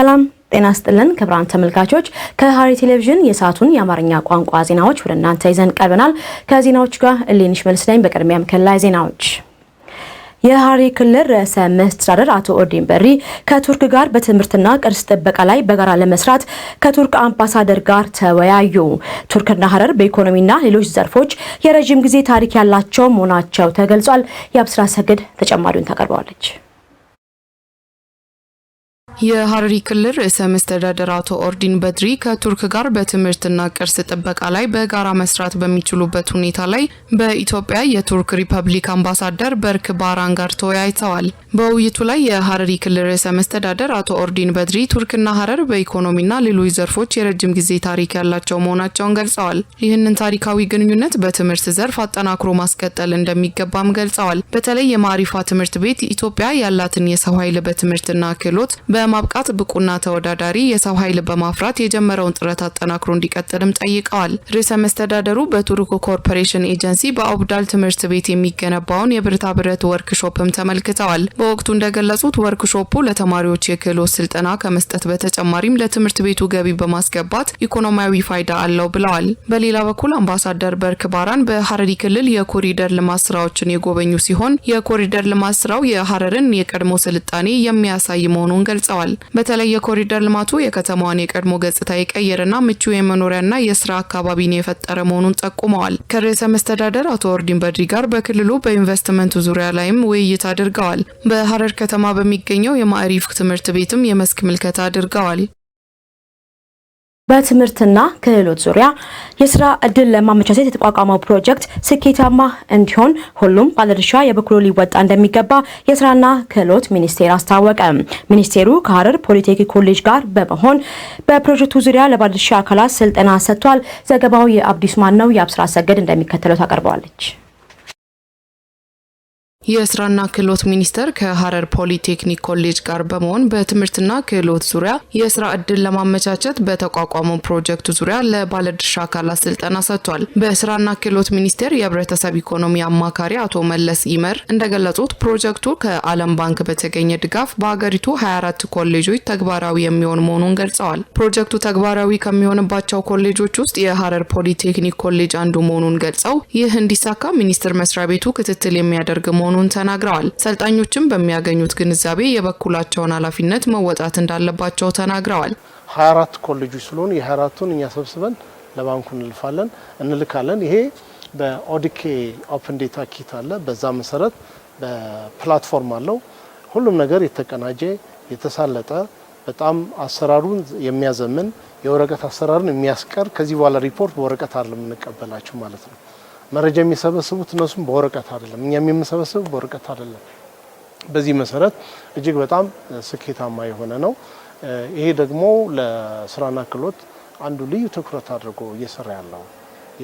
ሰላም ጤና ስጥልን ክብራን ተመልካቾች፣ ከሐረሪ ቴሌቪዥን የሰዓቱን የአማርኛ ቋንቋ ዜናዎች ወደ እናንተ ይዘን ቀርበናል። ከዜናዎቹ ጋር እሌንሽ መልስ ነኝ። በቅድሚያም ክልላዊ ዜናዎች። የሐረሪ ክልል ርዕሰ መስተዳደር አቶ ኦርዲን በሪ ከቱርክ ጋር በትምህርትና ቅርስ ጥበቃ ላይ በጋራ ለመስራት ከቱርክ አምባሳደር ጋር ተወያዩ። ቱርክና ሐረር በኢኮኖሚና ሌሎች ዘርፎች የረዥም ጊዜ ታሪክ ያላቸው መሆናቸው ተገልጿል። የአብስራ ሰግድ ተጨማሪውን ታቀርበዋለች። የሐረሪ ክልል ርዕሰ መስተዳደር አቶ ኦርዲን በድሪ ከቱርክ ጋር በትምህርትና ቅርስ ጥበቃ ላይ በጋራ መስራት በሚችሉበት ሁኔታ ላይ በኢትዮጵያ የቱርክ ሪፐብሊክ አምባሳደር በርክ ባራን ጋር ተወያይተዋል። በውይይቱ ላይ የሐረሪ ክልል ርዕሰ መስተዳደር አቶ ኦርዲን በድሪ ቱርክና ሐረር በኢኮኖሚና ሌሎች ዘርፎች የረጅም ጊዜ ታሪክ ያላቸው መሆናቸውን ገልጸዋል። ይህንን ታሪካዊ ግንኙነት በትምህርት ዘርፍ አጠናክሮ ማስቀጠል እንደሚገባም ገልጸዋል። በተለይ የማሪፋ ትምህርት ቤት ኢትዮጵያ ያላትን የሰው ኃይል በትምህርትና ክህሎት በ ለማብቃት ብቁና ተወዳዳሪ የሰው ኃይል በማፍራት የጀመረውን ጥረት አጠናክሮ እንዲቀጥልም ጠይቀዋል። ርዕሰ መስተዳደሩ በቱርክ ኮርፖሬሽን ኤጀንሲ በአቡዳል ትምህርት ቤት የሚገነባውን የብረታ ብረት ወርክሾፕም ተመልክተዋል። በወቅቱ እንደገለጹት ወርክሾፑ ለተማሪዎች የክህሎት ስልጠና ከመስጠት በተጨማሪም ለትምህርት ቤቱ ገቢ በማስገባት ኢኮኖሚያዊ ፋይዳ አለው ብለዋል። በሌላ በኩል አምባሳደር በርክ ባራን በሐረሪ ክልል የኮሪደር ልማት ስራዎችን የጎበኙ ሲሆን የኮሪደር ልማት ስራው የሐረርን የቀድሞ ስልጣኔ የሚያሳይ መሆኑን ገልጸዋል። ገልጸዋል። በተለይ የኮሪደር ልማቱ የከተማዋን የቀድሞ ገጽታ የቀየረና ምቹ የመኖሪያና የስራ አካባቢን የፈጠረ መሆኑን ጠቁመዋል። ከርዕሰ መስተዳደር አቶ ኦርዲን በድሪ ጋር በክልሉ በኢንቨስትመንቱ ዙሪያ ላይም ውይይት አድርገዋል። በሀረር ከተማ በሚገኘው የማዕሪፍ ትምህርት ቤትም የመስክ ምልከታ አድርገዋል። በትምህርትና ክህሎት ዙሪያ የስራ እድል ለማመቻቸት የተቋቋመው ፕሮጀክት ስኬታማ እንዲሆን ሁሉም ባለድርሻ የበኩሎ ሊወጣ እንደሚገባ የስራና ክህሎት ሚኒስቴር አስታወቀ። ሚኒስቴሩ ከሀረር ፖሊቴክኒክ ኮሌጅ ጋር በመሆን በፕሮጀክቱ ዙሪያ ለባለድርሻ አካላት ስልጠና ሰጥቷል። ዘገባው የአብዲስ ማን ነው። የአብስራ ሰገድ እንደሚከተለው ታቀርበዋለች። የስራና ክህሎት ሚኒስቴር ከሀረር ፖሊቴክኒክ ኮሌጅ ጋር በመሆን በትምህርትና ክህሎት ዙሪያ የስራ እድል ለማመቻቸት በተቋቋመው ፕሮጀክት ዙሪያ ለባለድርሻ አካላት ስልጠና ሰጥቷል። በስራና ክህሎት ሚኒስቴር የህብረተሰብ ኢኮኖሚ አማካሪ አቶ መለስ ይመር እንደገለጹት ፕሮጀክቱ ከዓለም ባንክ በተገኘ ድጋፍ በሀገሪቱ 24 ኮሌጆች ተግባራዊ የሚሆን መሆኑን ገልጸዋል። ፕሮጀክቱ ተግባራዊ ከሚሆንባቸው ኮሌጆች ውስጥ የሀረር ፖሊቴክኒክ ኮሌጅ አንዱ መሆኑን ገልጸው ይህ እንዲሳካ ሚኒስቴር መስሪያ ቤቱ ክትትል የሚያደርግ መሆኑ መሆኑን ተናግረዋል። ሰልጣኞችም በሚያገኙት ግንዛቤ የበኩላቸውን ኃላፊነት መወጣት እንዳለባቸው ተናግረዋል። 24 ኮሌጆች ስለሆኑ የሀያ አራቱን እኛ ሰብስበን ለባንኩ እንልፋለን እንልካለን። ይሄ በኦዲኬ ኦፕን ዴታ ኪት አለ። በዛ መሰረት በፕላትፎርም አለው። ሁሉም ነገር የተቀናጀ የተሳለጠ በጣም አሰራሩን የሚያዘምን የወረቀት አሰራርን የሚያስቀር ከዚህ በኋላ ሪፖርት በወረቀት አይደለም የምንቀበላቸው ማለት ነው። መረጃ የሚሰበስቡት እነሱም በወረቀት አይደለም፣ እኛም የምንሰበስቡት በወረቀት አይደለም። በዚህ መሰረት እጅግ በጣም ስኬታማ የሆነ ነው። ይሄ ደግሞ ለስራና ክህሎት አንዱ ልዩ ትኩረት አድርጎ እየሰራ ያለው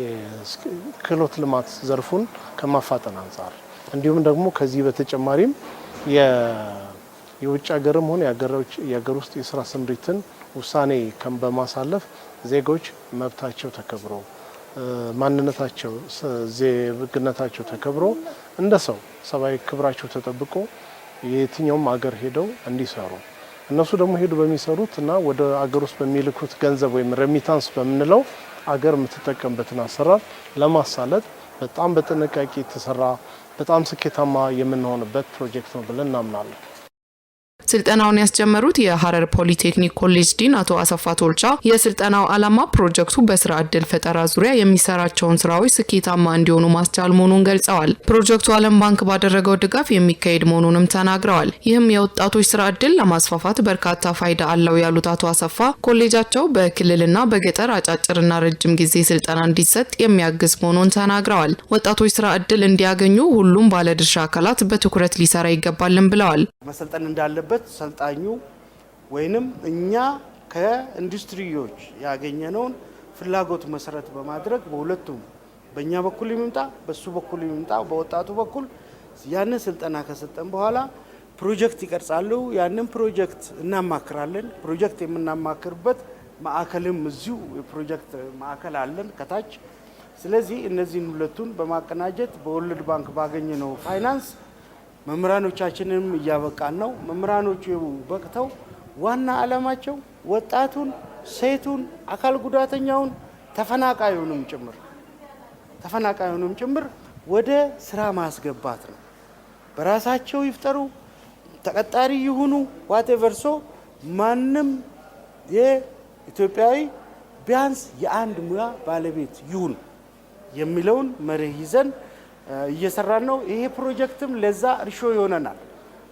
የክህሎት ልማት ዘርፉን ከማፋጠን አንጻር እንዲሁም ደግሞ ከዚህ በተጨማሪም የውጭ ሀገርም ሆነ የሀገር ውስጥ የስራ ስምሪትን ውሳኔ በማሳለፍ ዜጎች መብታቸው ተከብሮ ማንነታቸው ዜግነታቸው ተከብሮ እንደ ሰው ሰብአዊ ክብራቸው ተጠብቆ የትኛውም አገር ሄደው እንዲሰሩ እነሱ ደግሞ ሄዱ በሚሰሩት እና ወደ አገር ውስጥ በሚልኩት ገንዘብ ወይም ረሚታንስ በምንለው አገር የምትጠቀምበትን አሰራር ለማሳለጥ በጣም በጥንቃቄ የተሰራ በጣም ስኬታማ የምንሆንበት ፕሮጀክት ነው ብለን እናምናለን። ስልጠናውን ያስጀመሩት የሀረር ፖሊቴክኒክ ኮሌጅ ዲን አቶ አሰፋ ቶልቻ የስልጠናው ዓላማ ፕሮጀክቱ በስራ እድል ፈጠራ ዙሪያ የሚሰራቸውን ስራዎች ስኬታማ እንዲሆኑ ማስቻል መሆኑን ገልጸዋል። ፕሮጀክቱ ዓለም ባንክ ባደረገው ድጋፍ የሚካሄድ መሆኑንም ተናግረዋል። ይህም የወጣቶች ስራ እድል ለማስፋፋት በርካታ ፋይዳ አለው ያሉት አቶ አሰፋ ኮሌጃቸው በክልልና በገጠር አጫጭርና ረጅም ጊዜ ስልጠና እንዲሰጥ የሚያግዝ መሆኑን ተናግረዋል። ወጣቶች ስራ እድል እንዲያገኙ ሁሉም ባለድርሻ አካላት በትኩረት ሊሰራ ይገባልን ብለዋል። መሰልጠን እንዳለበት ያለበት ሰልጣኙ ወይንም እኛ ከኢንዱስትሪዎች ያገኘነውን ፍላጎት መሰረት በማድረግ በሁለቱም በእኛ በኩል ይምጣ፣ በሱ በኩል ይምጣ፣ በወጣቱ በኩል ያንን ስልጠና ከሰጠን በኋላ ፕሮጀክት ይቀርጻሉ። ያንን ፕሮጀክት እናማክራለን። ፕሮጀክት የምናማክርበት ማዕከልም እዚሁ የፕሮጀክት ማዕከል አለን ከታች። ስለዚህ እነዚህን ሁለቱን በማቀናጀት በወርልድ ባንክ ባገኘነው ፋይናንስ መምህራኖቻችንንም እያበቃን ነው። መምህራኖቹ በቅተው ዋና ዓላማቸው ወጣቱን፣ ሴቱን፣ አካል ጉዳተኛውን፣ ተፈናቃዩንም ጭምር ተፈናቃዩንም ጭምር ወደ ስራ ማስገባት ነው። በራሳቸው ይፍጠሩ፣ ተቀጣሪ ይሁኑ። ዋቴቨርሶ ማንም የኢትዮጵያዊ ቢያንስ የአንድ ሙያ ባለቤት ይሁን የሚለውን መርህ ይዘን እየሰራን ነው። ይሄ ፕሮጀክትም ለዛ እርሾ ይሆነናል።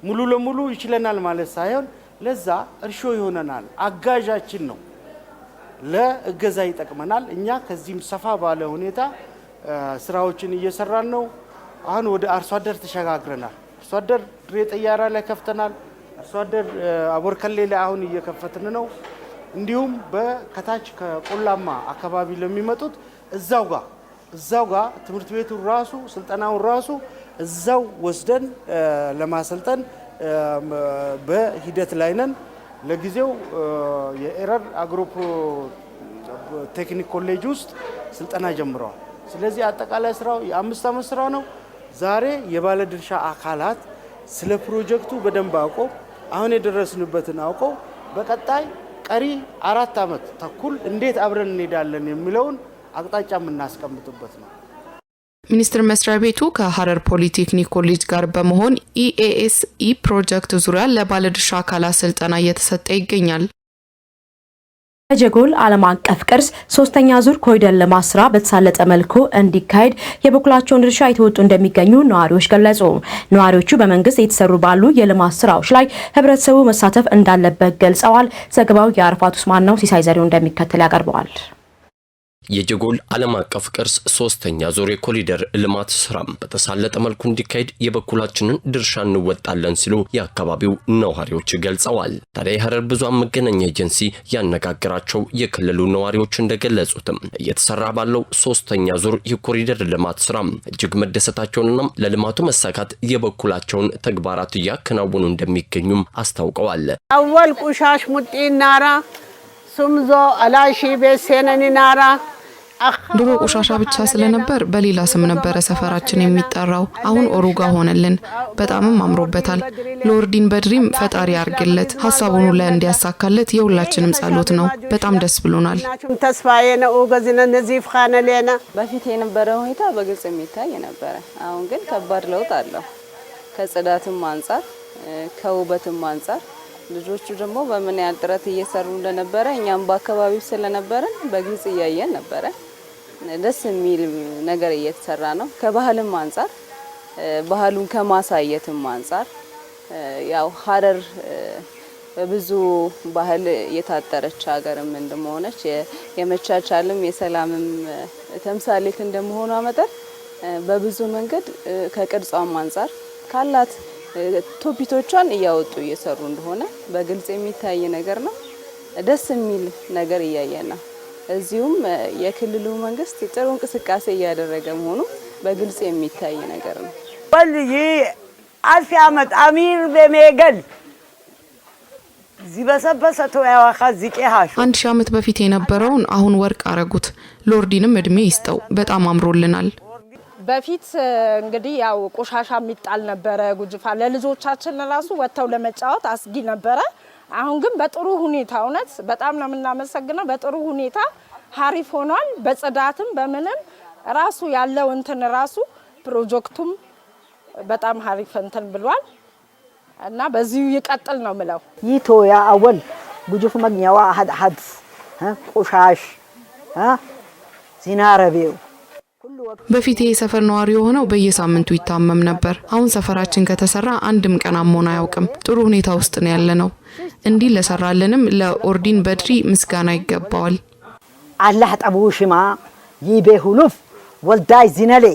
ሙሉ ለሙሉ ይችለናል ማለት ሳይሆን ለዛ እርሾ ይሆነናል፣ አጋዣችን ነው፣ ለእገዛ ይጠቅመናል። እኛ ከዚህም ሰፋ ባለ ሁኔታ ስራዎችን እየሰራን ነው። አሁን ወደ አርሶ አደር ተሸጋግረናል። አርሶ አደር ድሬ ጠያራ ላይ ከፍተናል። አርሶ አደር አቦርከሌ ላይ አሁን እየከፈትን ነው። እንዲሁም በከታች ከቆላማ አካባቢ ለሚመጡት እዛው ጋር እዛው ጋር ትምህርት ቤቱ ራሱ ስልጠናውን ራሱ እዛው ወስደን ለማሰልጠን በሂደት ላይ ነን። ለጊዜው የኤረር አግሮ ቴክኒክ ኮሌጅ ውስጥ ስልጠና ጀምረዋል። ስለዚህ አጠቃላይ ስራው የአምስት ዓመት ስራ ነው። ዛሬ የባለድርሻ አካላት ስለ ፕሮጀክቱ በደንብ አውቀው አሁን የደረስንበትን አውቀው በቀጣይ ቀሪ አራት ዓመት ተኩል እንዴት አብረን እንሄዳለን የሚለውን አቅጣጫ የምናስቀምጥበት ነው። ሚኒስቴር መስሪያ ቤቱ ከሀረር ፖሊቴክኒክ ኮሌጅ ጋር በመሆን ኢኤኤስኢ e e ፕሮጀክት ዙሪያ ለባለድርሻ አካላት ስልጠና እየተሰጠ ይገኛል። በጀጎል ዓለም አቀፍ ቅርስ ሶስተኛ ዙር ኮሪደር ልማት ስራ በተሳለጠ መልኩ እንዲካሄድ የበኩላቸውን ድርሻ የተወጡ እንደሚገኙ ነዋሪዎች ገለጹ። ነዋሪዎቹ በመንግስት የተሰሩ ባሉ የልማት ስራዎች ላይ ህብረተሰቡ መሳተፍ እንዳለበት ገልጸዋል። ዘገባው የአርፋት ውስማን ነው። ሲሳይ ዘሪው እንደሚከተል ያቀርበዋል። የጀጎል ዓለም አቀፍ ቅርስ ሶስተኛ ዙር የኮሪደር ልማት ስራም በተሳለጠ መልኩ እንዲካሄድ የበኩላችንን ድርሻ እንወጣለን ሲሉ የአካባቢው ነዋሪዎች ገልጸዋል። ታዲያ የሐረር ብዙሃን መገናኛ ኤጀንሲ ያነጋገራቸው የክልሉ ነዋሪዎች እንደገለጹትም እየተሰራ ባለው ሶስተኛ ዙር የኮሪደር ልማት ስራም እጅግ መደሰታቸውንና ለልማቱ መሳካት የበኩላቸውን ተግባራት እያከናወኑ እንደሚገኙም አስታውቀዋል። አወል ቁሻሽ ሙጢ ናራ ሱምዞ አላሺ ቤሴነኒ ናራ ድሮ ቆሻሻ ብቻ ስለነበር በሌላ ስም ነበረ ሰፈራችን የሚጠራው። አሁን ኦሩጋ ሆነልን። በጣምም አምሮበታል። ሎርዲን በድሪም ፈጣሪ አርግለት ሀሳቡን ላይ እንዲያሳካለት የሁላችንም ጸሎት ነው። በጣም ደስ ብሎናል። ተስፋዬ ነው እነዚህ ሌና በፊት የነበረ ሁኔታ በግልጽ የሚታይ ነበረ። አሁን ግን ከባድ ለውጥ አለው ከጽዳትም አንጻር ከውበትም አንጻር ልጆቹ ደግሞ በምን ያህል ጥረት እየሰሩ እንደነበረ እኛም በአካባቢው ስለነበረን በግልጽ እያየን ነበረ። ደስ የሚል ነገር እየተሰራ ነው። ከባህልም አንጻር ባህሉን ከማሳየትም አንጻር ያው ሀረር በብዙ ባህል የታጠረች ሀገርም እንደመሆነች የመቻቻልም የሰላምም ተምሳሌት እንደመሆኗ መጠን በብዙ መንገድ ከቅርጿም አንጻር ካላት ቶፒቶቿን እያወጡ እየሰሩ እንደሆነ በግልጽ የሚታይ ነገር ነው። ደስ የሚል ነገር እያየ ነው። እዚሁም የክልሉ መንግስት ጥሩ እንቅስቃሴ እያደረገ መሆኑ በግልጽ የሚታይ ነገር ነው። ወልይ አሲያመት አሚር በሜገል አንድ ሺህ ዓመት በፊት የነበረውን አሁን ወርቅ አረጉት። ሎርዲንም እድሜ ይስጠው። በጣም አምሮልናል። በፊት እንግዲህ ያው ቆሻሻ የሚጣል ነበረ ጉጅፋ። ለልጆቻችን ራሱ ወጥተው ለመጫወት አስጊ ነበረ። አሁን ግን በጥሩ ሁኔታ እውነት በጣም ነው የምናመሰግነው። በጥሩ ሁኔታ ሀሪፍ ሆኗል። በጽዳትም በምንም ራሱ ያለው እንትን ራሱ ፕሮጀክቱም በጣም ሀሪፍ እንትን ብሏል እና በዚሁ ይቀጥል ነው ምለው ይቶ አወል ጉጅፍ መግኛዋ አሀድ አሀድ ቆሻሽ ዚናረቤው በፊት ይሄ ሰፈር ነዋሪ የሆነው በየሳምንቱ ይታመም ነበር። አሁን ሰፈራችን ከተሰራ አንድም ቀን አሞን አያውቅም። ጥሩ ሁኔታ ውስጥ ነው ያለ ነው። እንዲህ ለሰራልንም ለኦርዲን በድሪ ምስጋና ይገባዋል። አላህ ጠቡ ሽማ ይቤ ሁሉፍ ወልዳይ ዚነሌ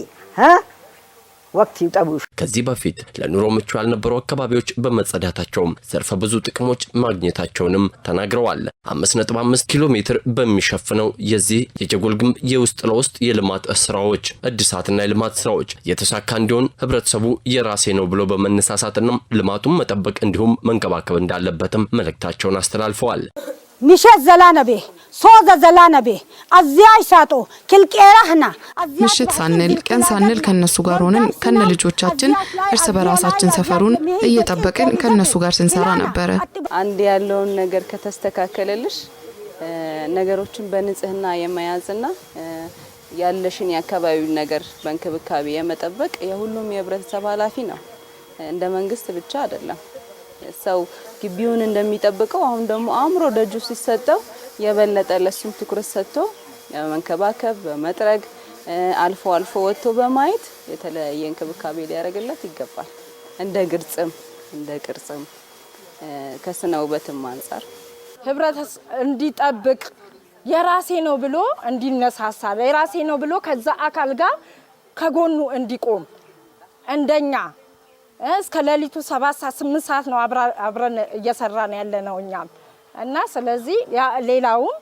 ከዚህ በፊት ለኑሮ ምቹ ያልነበሩ አካባቢዎች በመጸዳታቸውም ዘርፈ ብዙ ጥቅሞች ማግኘታቸውንም ተናግረዋል። 5.5 ኪሎ ሜትር በሚሸፍነው የዚህ የጀጎል ግንብ የውስጥ ለውስጥ የልማት ስራዎች እድሳትና የልማት ስራዎች የተሳካ እንዲሆን ህብረተሰቡ የራሴ ነው ብሎ በመነሳሳትና ልማቱን መጠበቅ እንዲሁም መንከባከብ እንዳለበትም መልእክታቸውን አስተላልፈዋል። ሶዘ ምሽት ሳንል ቀን ሳንል ከነሱ ጋር ሆነን ከነ ልጆቻችን እርስ በራሳችን ሰፈሩን እየጠበቅን ከነሱ ጋር ስንሰራ ነበረ። አንድ ያለውን ነገር ከተስተካከለልሽ ነገሮችን በንጽህና የመያዝና ያለሽን የአካባቢውን ነገር በእንክብካቤ የመጠበቅ የሁሉም የህብረተሰብ ኃላፊ ነው። እንደ መንግስት ብቻ አይደለም። ሰው ግቢውን እንደሚጠብቀው አሁን ደግሞ አእምሮ ደጁ ሲሰጠው የበለጠ ለሱም ትኩረት ሰጥቶ በመንከባከብ በመጥረግ አልፎ አልፎ ወጥቶ በማየት የተለያየ እንክብካቤ ሊያደርግለት ይገባል። እንደ ግርጽም እንደ ቅርጽም ከስነ ውበትም አንጻር ህብረት እንዲጠብቅ የራሴ ነው ብሎ እንዲነሳሳ የራሴ ነው ብሎ ከዛ አካል ጋር ከጎኑ እንዲቆም እንደኛ እስከ ሌሊቱ ሰባት ሰዓት ስምንት ሰዓት ነው አብረን እየሰራን ያለ ነው እኛም እና ስለዚህ ሌላውም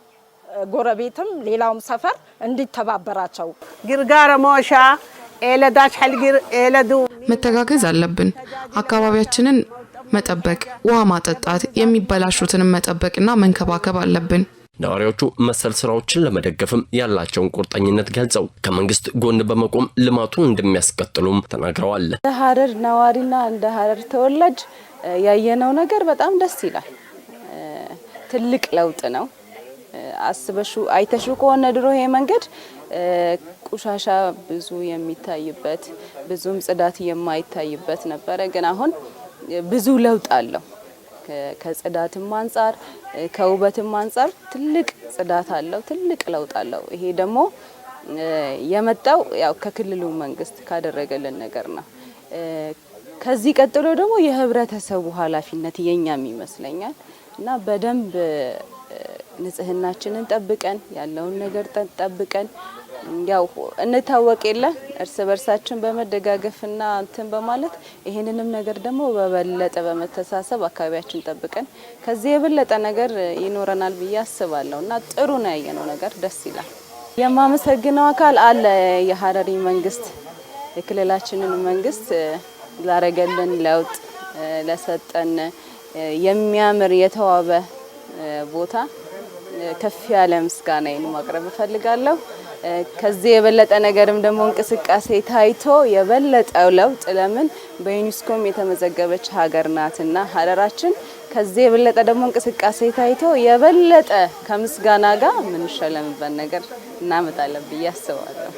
ጎረቤትም ሌላውም ሰፈር እንዲተባበራቸው ግርጋረ ሞሻ ኤለዳች ሐልግር ኤለዱ መተጋገዝ አለብን። አካባቢያችንን መጠበቅ፣ ውሃ ማጠጣት፣ የሚበላሹትን መጠበቅና መንከባከብ አለብን። ነዋሪዎቹ መሰል ስራዎችን ለመደገፍም ያላቸውን ቁርጠኝነት ገልጸው ከመንግስት ጎን በመቆም ልማቱን እንደሚያስቀጥሉም ተናግረዋል። እንደ ሀረር ነዋሪና እንደ ሀረር ተወላጅ ያየነው ነገር በጣም ደስ ይላል። ትልቅ ለውጥ ነው። አስበሹ አይተሹ ከሆነ ድሮ ይሄ መንገድ ቁሻሻ ብዙ የሚታይበት ብዙም ጽዳት የማይታይበት ነበረ። ግን አሁን ብዙ ለውጥ አለው። ከጽዳትም አንጻር ከውበትም አንጻር ትልቅ ጽዳት አለው፣ ትልቅ ለውጥ አለው። ይሄ ደግሞ የመጣው ያው ከክልሉ መንግስት ካደረገልን ነገር ነው። ከዚህ ቀጥሎ ደግሞ የህብረተሰቡ ኃላፊነት የኛም ይመስለኛል እና በደንብ ንጽህናችንን ጠብቀን ያለውን ነገር ጠብቀን ያው እንታወቅ የለ እርስ በርሳችን በመደጋገፍና እንትን በማለት ይሄንንም ነገር ደግሞ በበለጠ በመተሳሰብ አካባቢያችን ጠብቀን ከዚህ የበለጠ ነገር ይኖረናል ብዬ አስባለሁ እና ጥሩ ነው ያየነው ነገር ደስ ይላል። የማመሰግነው አካል አለ የሀረሪ መንግስት፣ የክልላችንን መንግስት ላረገልን ለውጥ ለሰጠን የሚያምር የተዋበ ቦታ ከፍ ያለ ምስጋናዬን ማቅረብ እፈልጋለሁ። ከዚህ የበለጠ ነገርም ደግሞ እንቅስቃሴ ታይቶ የበለጠው ለውጥ ለምን በዩኒስኮም የተመዘገበች ሀገር ናትና ሀረራችን ከዚህ የበለጠ ደግሞ እንቅስቃሴ ታይቶ የበለጠ ከምስጋና ጋር የምንሸለምበት ነገር እናመጣለን ብዬ አስባለሁ።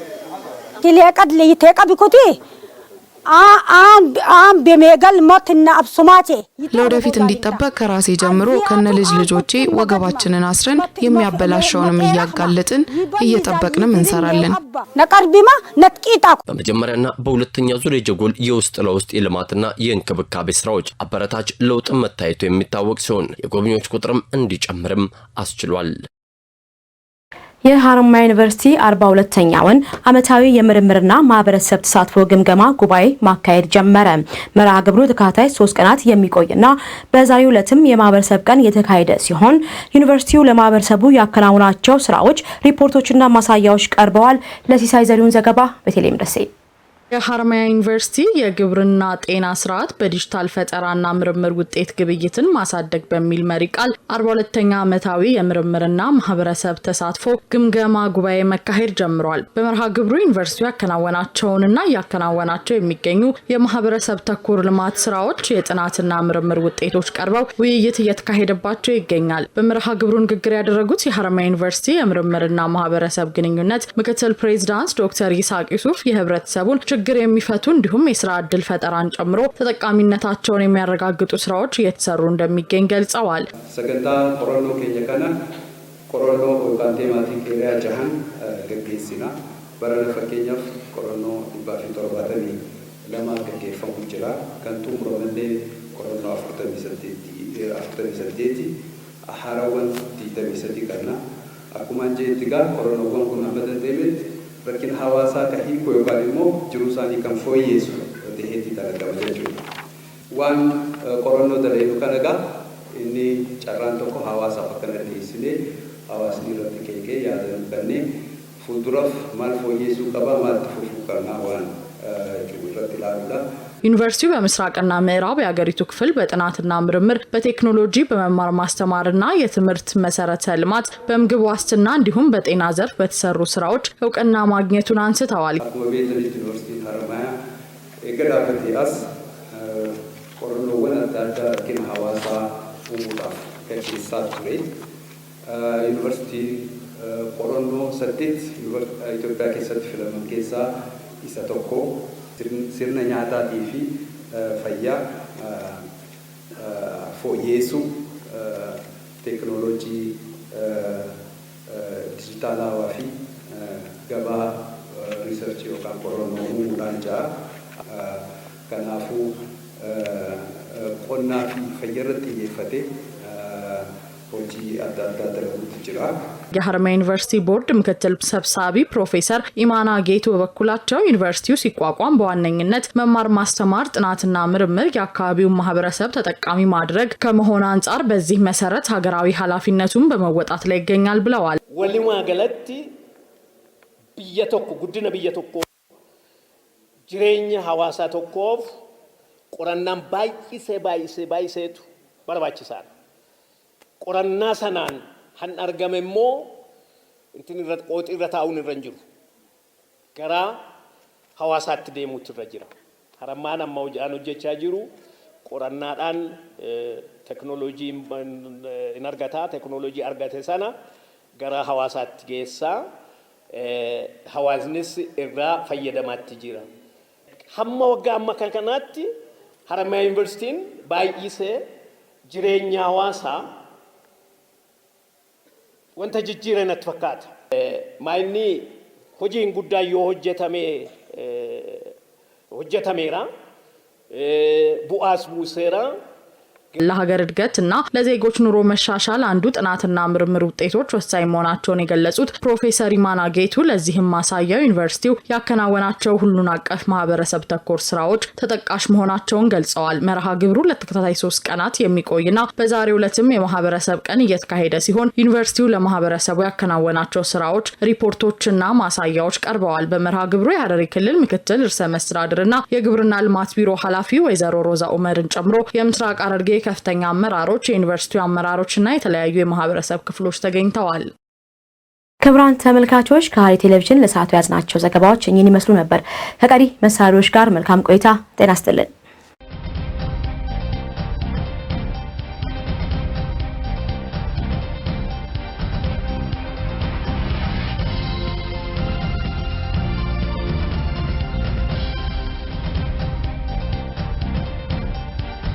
ለወደፊት እንዲጠበቅ ከራሴ ጀምሮ ከነ ልጅ ልጆቼ ወገባችንን አስረን የሚያበላሸውንም እያጋለጥን እየጠበቅንም እንሰራለን። በመጀመሪያና በሁለተኛ ዙር የጀጎል የውስጥ ለውስጥ የልማትና የእንክብካቤ ስራዎች አበረታች ለውጥ መታየቱ የሚታወቅ ሲሆን የጎብኚዎች ቁጥርም እንዲጨምርም አስችሏል። የሀረማያ ዩኒቨርሲቲ 42ኛውን ዓመታዊ የምርምርና ማህበረሰብ ተሳትፎ ግምገማ ጉባኤ ማካሄድ ጀመረ። መርሃ ግብሩ ተከታታይ ሶስት ቀናት የሚቆይና በዛሬው ዕለትም የማህበረሰብ ቀን የተካሄደ ሲሆን ዩኒቨርሲቲው ለማህበረሰቡ ያከናውናቸው ስራዎች፣ ሪፖርቶችና ማሳያዎች ቀርበዋል። ለሲሳይ ዘሪሁን ዘገባ በቴሌም ደሴ የሀረማያ ዩኒቨርሲቲ የግብርና ጤና ስርዓት በዲጂታል ፈጠራና ምርምር ውጤት ግብይትን ማሳደግ በሚል መሪ ቃል አርባ ሁለተኛ ዓመታዊ የምርምርና ማህበረሰብ ተሳትፎ ግምገማ ጉባኤ መካሄድ ጀምሯል። በመርሃ ግብሩ ዩኒቨርሲቲው ያከናወናቸውንና እያከናወናቸው የሚገኙ የማህበረሰብ ተኮር ልማት ስራዎች፣ የጥናትና ምርምር ውጤቶች ቀርበው ውይይት እየተካሄደባቸው ይገኛል። በመርሃ ግብሩ ንግግር ያደረጉት የሀረማያ ዩኒቨርሲቲ የምርምርና ማህበረሰብ ግንኙነት ምክትል ፕሬዚዳንት ዶክተር ይስሐቅ ዩሱፍ የህብረተሰቡን ችግር የሚፈቱ እንዲሁም የስራ እድል ፈጠራን ጨምሮ ተጠቃሚነታቸውን የሚያረጋግጡ ስራዎች እየተሰሩ እንደሚገኝ ገልጸዋል። ሰገንታ ቆሮኖ ኬኛ ከና ቆሮኖ ኦጋንቴማቲ ኬሪያ ጃሃን ገጌሲና በረነ ፈኬኛፍ ቆሮኖ ዲባፊ ቶርባተኒ ለማ ገጌፈሙ ጅራ ከንቱ ሮመኔ ቆሮኖ አፍርተሚ ሰዴቲ ሀረወን ዲተሚ ሰዲ ቀና አኩማንጄ ትጋ ቆሮኖ ጎንኩና መተቴቤት hawaasaa ka hiikuu yookaan e immoo jiruu isaanii kan fooyyeessu ta'eetti dalagama jechuudha. Waan qorannoo eh, dalagu kana egaa inni carraan tokko hawaasaaf akkana dhiyeessinee hawaasni irratti keekee yaada kennee fuulduraaf maal fooyyeessuu qaba maaltu fufuu qabna waan eh, jiruu irratti ilaaluudhaan. ዩኒቨርሲቲው በምስራቅና ምዕራብ የአገሪቱ ክፍል በጥናትና ምርምር፣ በቴክኖሎጂ፣ በመማር ማስተማርና የትምህርት መሰረተ ልማት፣ በምግብ ዋስትና እንዲሁም በጤና ዘርፍ በተሰሩ ስራዎች እውቅና ማግኘቱን አንስተዋል። ቆሮኖ ሰዴት ኢትዮጵያ ኬሰት ፊለመን ኬሳ ኢሰ sirna nyaataatii fi fayyaa fooyyeessuu teeknooloojii dijitaalawaa fi gabaa riisarchii yookaan qorannoo uumuudhaan ja'a. Kanaafuu qonnaa fi fayyaa irratti xiyyeeffatee የሀርማ ዩኒቨርሲቲ ቦርድ ምክትል ሰብሳቢ ፕሮፌሰር ኢማና ጌቱ በበኩላቸው ዩኒቨርሲቲው ሲቋቋም በዋነኝነት መማር ማስተማር፣ ጥናትና ምርምር የአካባቢውን ማህበረሰብ ተጠቃሚ ማድረግ ከመሆን አንጻር በዚህ መሰረት ሀገራዊ ኃላፊነቱን በመወጣት ላይ ይገኛል ብለዋል። ወሊማ ገለቲ ጉድነ ብየቶኮ ጅሬኝ ሀዋሳ ቶኮፍ ቆረናን ባይሴ ባይሴ ባይሴቱ በርባችሳል qorannaa sanaan han argame immoo ittiin irra qooxii irra taa'uun irra hin jiru. Garaa hawaasaatti deemuutu irra jira. Harammaan amma hojaan hojjechaa jiru qorannaadhaan teknooloojii hin argataa teknooloojii argate sana gara hawaasaatti geessaa hawaasnis irraa fayyadamaatti jira. Hamma waggaa amma kan kanaatti Harammaa Yuunivarsiitiin baay'isee jireenya hawaasaa wanta natti fakkaata. Maa inni hojiin guddaa yoo hojjetame hojjetameera bu'aas buuseera. ለሀገር እድገት እና ለዜጎች ኑሮ መሻሻል አንዱ ጥናትና ምርምር ውጤቶች ወሳኝ መሆናቸውን የገለጹት ፕሮፌሰር ኢማና ጌቱ ለዚህም ማሳያው ዩኒቨርሲቲው ያከናወናቸው ሁሉን አቀፍ ማህበረሰብ ተኮር ስራዎች ተጠቃሽ መሆናቸውን ገልጸዋል። መርሃ ግብሩ ለተከታታይ ሶስት ቀናት የሚቆይና በዛሬው ዕለትም የማህበረሰብ ቀን እየተካሄደ ሲሆን ዩኒቨርሲቲው ለማህበረሰቡ ያከናወናቸው ስራዎች ሪፖርቶችና ማሳያዎች ቀርበዋል። በመርሃ ግብሩ የሀረሪ ክልል ምክትል ርዕሰ መስተዳድርና የግብርና ልማት ቢሮ ኃላፊ ወይዘሮ ሮዛ ኡመርን ጨምሮ የምስራቅ ሐረርጌ ከፍተኛ አመራሮች፣ የዩኒቨርሲቲው እና የተለያዩ የማህበረሰብ ክፍሎች ተገኝተዋል። ክቡራን ተመልካቾች ከሐረሪ ቴሌቪዥን ለሰዓቱ ያዝናቸው ዘገባዎች እኚህን ይመስሉ ነበር። ከቀሪ መሳሪያዎች ጋር መልካም ቆይታ። ጤና ይስጥልን።